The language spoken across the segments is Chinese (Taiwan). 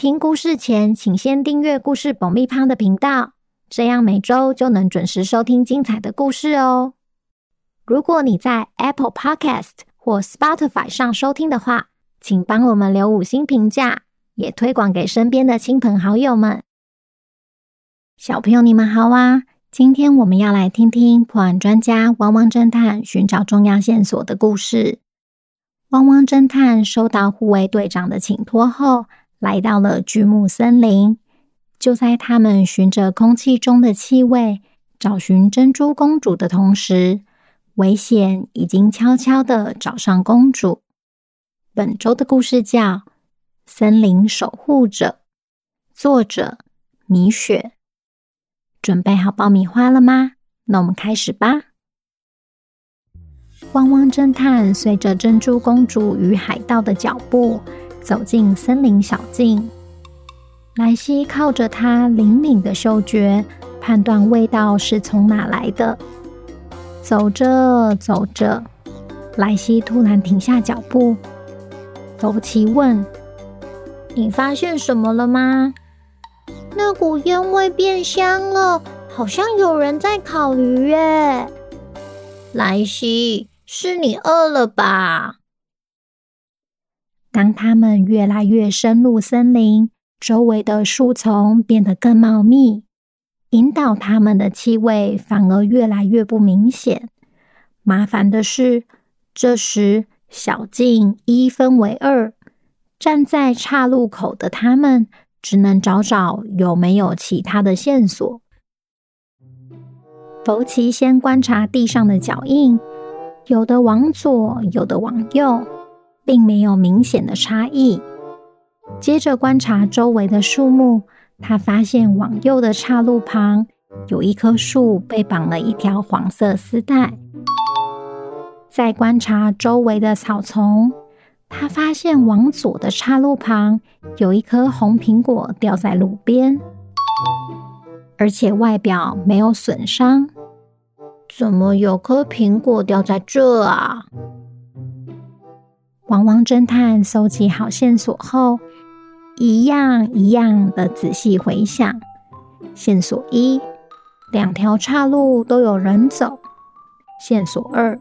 聽故事前，請先訂閱故事保密坊故事爆米花的頻道，這樣每周就能準時收聽精彩的故事哦。如果你在 Apple Podcast 或 Spotify 上收聽的話，請幫我們留五星評價，也推廣給身邊的親朋好友們。小朋友，你們好啊！今天我們要來聽聽破案專家汪汪偵探尋找重要線索的故事。汪汪偵探收到護衛隊長的請托後。來到了巨木森林。就在他們循着空氣中的氣味，找尋珍珠公主的同時，危險已經悄悄地找上公主。本周的故事叫《森林守護者》，作者米雪。準備好爆米花了嗎？那我們開始吧。汪汪偵探隨着珍珠公主與海盜的腳步。走進森林小徑，萊西靠着他靈敏的嗅覺判斷味道是從哪來的。走着走着，萊西突然停下腳步。狗奇問：“你發現什麼了嗎？”那股煙味變香了，好像有人在烤魚耶。萊西，是你餓了吧？當他們越來越深入森林，周圍的樹叢變得更茂密，引導他們的氣味反而越來越不明顯。麻煩的是，這時小徑一分為二，站在岔路口的他們只能找找有沒有其他的線索。馮奇先觀察地上的腳印，有的往左，有的往右。並沒有明顯的差異。接着觀察周圍的樹木，他發現往右的岔路旁有一棵樹被綁了一條黃色絲帶。再觀察周圍的草叢，他發現往左的岔路旁有一顆紅蘋果掉在路邊，而且外表沒有損傷。怎麼有顆蘋果掉在這啊？汪汪偵探收集好線索後，一樣一樣的仔細回想。線索一：兩條岔路都有人走。線索二：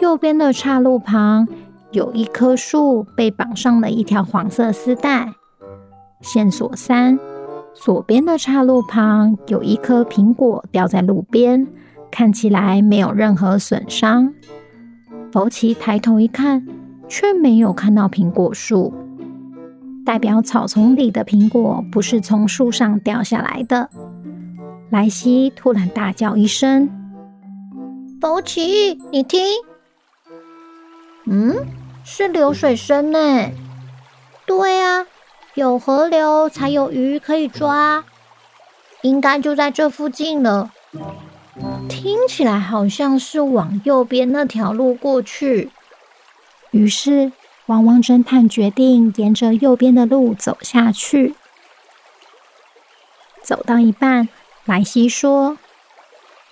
右邊的岔路旁有一棵樹被綁上了一條黃色絲帶。線索三：左邊的岔路旁有一顆蘋果掉在路邊，看起來沒有任何損傷。福奇抬頭一看。卻沒有看到蘋果樹，代表草叢裡的蘋果不是從樹上掉下來的。萊西突然大叫一聲：“寶奇，你聽，嗯，是流水聲呢。”“對啊，有河流才有魚可以抓，應該就在這附近了。”“聽起來好像是往右邊那條路過去。”於是，汪汪偵探決定沿着右邊的路走下去。走到一半，萊西說：“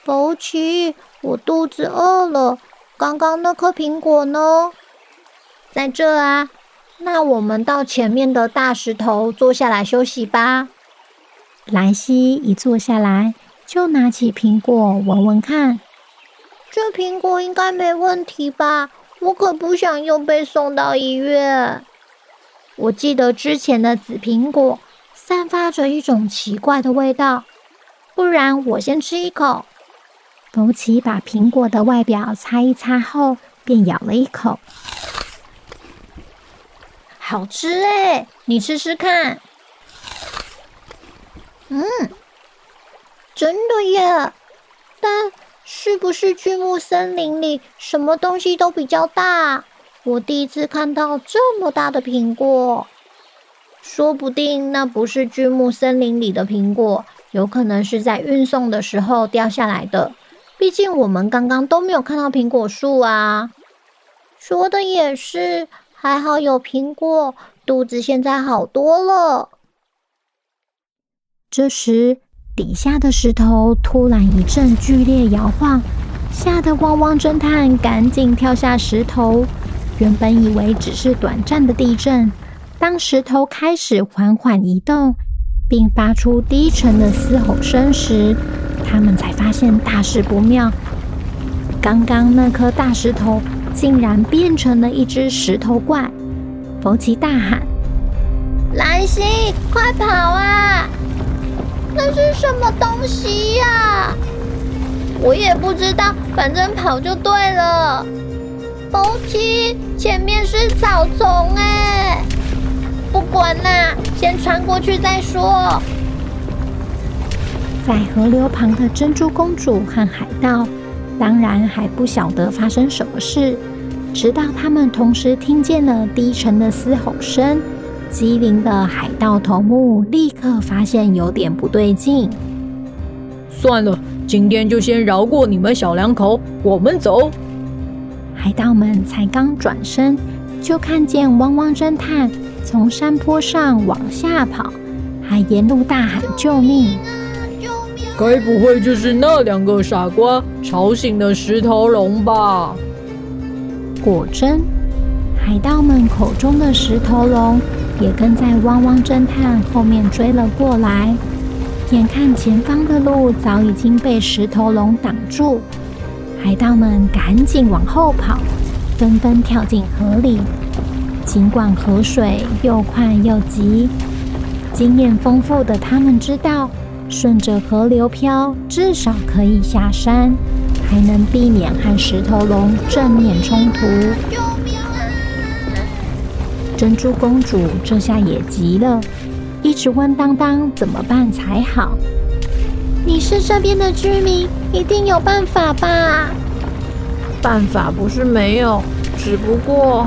福奇，我肚子餓了。剛剛那顆蘋果呢？在這啊。那我們到前面的大石頭坐下來休息吧。”萊西一坐下來，就拿起蘋果聞聞看。這蘋果應該沒問題吧？我可不想又被送到醫院。我記得之前的紫蘋果散發着一種奇怪的味道，不然我先吃一口。福奇把蘋果的外表擦一擦後，便咬了一口。好吃誒，你吃吃看。嗯，真的耶，但……是不是巨木森林裡什麼東西都比較大？我第一次看到這麼大的蘋果，說不定那不是巨木森林裡的蘋果，有可能是在運送的時候掉下來的。畢竟我們剛剛都沒有看到蘋果樹啊。說的也是，還好有蘋果，肚子現在好多了。這時。底下的石頭突然一陣劇烈搖晃，嚇得汪汪偵探趕緊跳下石頭。原本以為只是短暫的地震，當石頭開始緩緩移動，並發出低沉的嘶吼聲時，他們才發現大事不妙。剛剛那顆大石頭竟然變成了一隻石頭怪！馮奇大喊：“藍心，快跑啊！”那是什麼東西呀、啊？我也不知道，反正跑就對了。寶奇，前面是草叢哎，不管啦、啊，先穿過去再說。在河流旁的珍珠公主和海盜，當然還不曉得發生什麼事，直到他們同時聽見了低沉的嘶吼聲。機靈的海盜頭目立刻發現有點不對勁。算了，今天就先饒過你們小兩口，我們走。海盜們才剛轉身，就看見汪汪偵探從山坡上往下跑，還沿路大喊救命。該不會就是那兩個傻瓜吵醒了石頭龍吧？果真，海盜們口中的石頭龍。也跟在汪汪偵探後面追了過來，眼看前方的路早已經被石頭龍擋住，海盜們趕緊往後跑，紛紛跳進河裡。儘管河水又快又急，經驗豐富的他們知道，順着河流漂，至少可以下山，還能避免和石頭龍正面衝突。珍珠公主這下也急了，一直問汪汪怎麼辦才好。你是這邊的居民，一定有辦法吧？辦法不是沒有，只不過……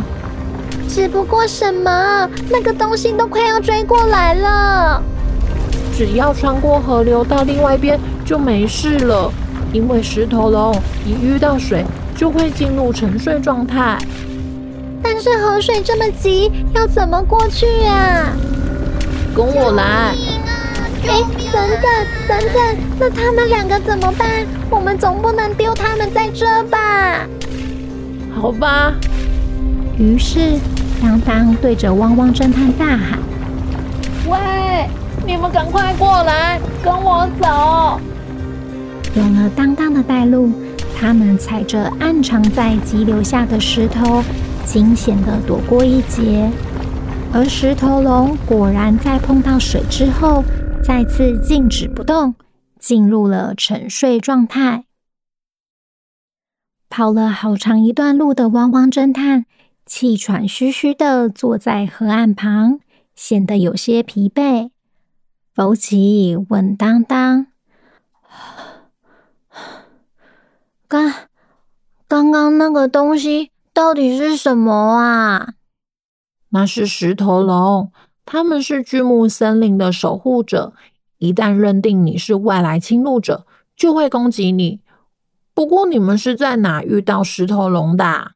只不過什麼？那個東西都快要追過來了。只要穿過河流到另外一邊就沒事了，因為石頭龍一遇到水就會進入沉睡狀態。但是河水這麼急，要怎麼過去呀，啊？跟我來！哎、啊啊，等等等等，那他們兩個怎麼辦？我們總不能丟他們在這吧？好吧。於是，當當對着汪汪偵探大喊：“喂，你們趕快過來，跟我走！”有了當當的帶路，他們踩着暗藏在急流下的石頭。驚險的躲過一劫，而石頭龍果然在碰到水之後再次靜止不動，進入了沉睡狀態。跑了好長一段路的汪汪偵探氣喘吁吁的坐在河岸旁，顯得有些疲憊。福奇問當當：“剛，剛剛那個東西？”到底是什麼啊？那是石頭龍，他們是巨木森林的守護者。一旦認定你是外來侵入者，就會攻擊你。不過你們是在哪遇到石頭龍的？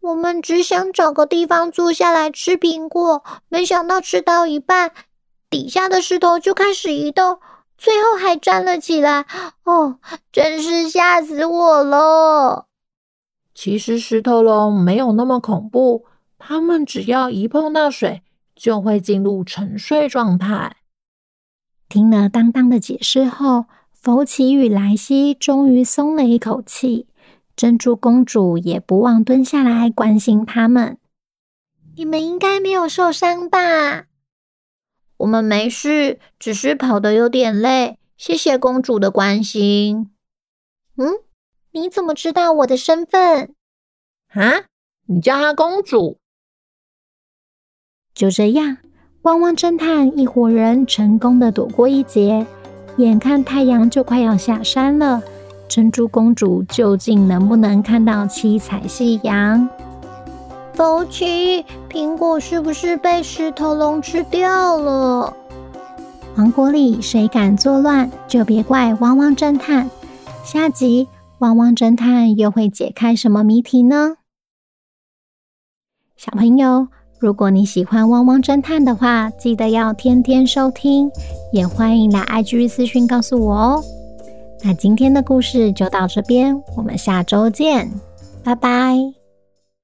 我們只想找個地方坐下來吃蘋果，沒想到吃到一半，底下的石頭就開始移動，最後還站了起來。哦，真是嚇死我了！其實石頭龍沒有那麼恐怖，它們只要一碰到水，就會進入沉睡狀態。聽了當當的解釋後，福奇與萊西終於鬆了一口氣。珍珠公主也不忘蹲下來關心他們：“你們應該沒有受傷吧？”“我們沒事，只是跑得有點累。”“謝謝公主的關心。”“嗯。”你怎麼知道我的身份？啊，你叫她公主。就這樣，汪汪偵探一夥人成功的躲過一劫。眼看太陽就快要下山了，珍珠公主究竟能不能看到七彩夕陽？福奇！蘋果是不是被石頭龍吃掉了？王國裡誰敢作亂，就別怪汪汪偵探。下集。汪汪偵探又會解開什麼謎題呢？小朋友，如果你喜歡汪汪偵探的話，記得要天天收聽，也歡迎來 IG 私訊告訴我哦。那今天的故事就到這邊，我們下周見，拜拜。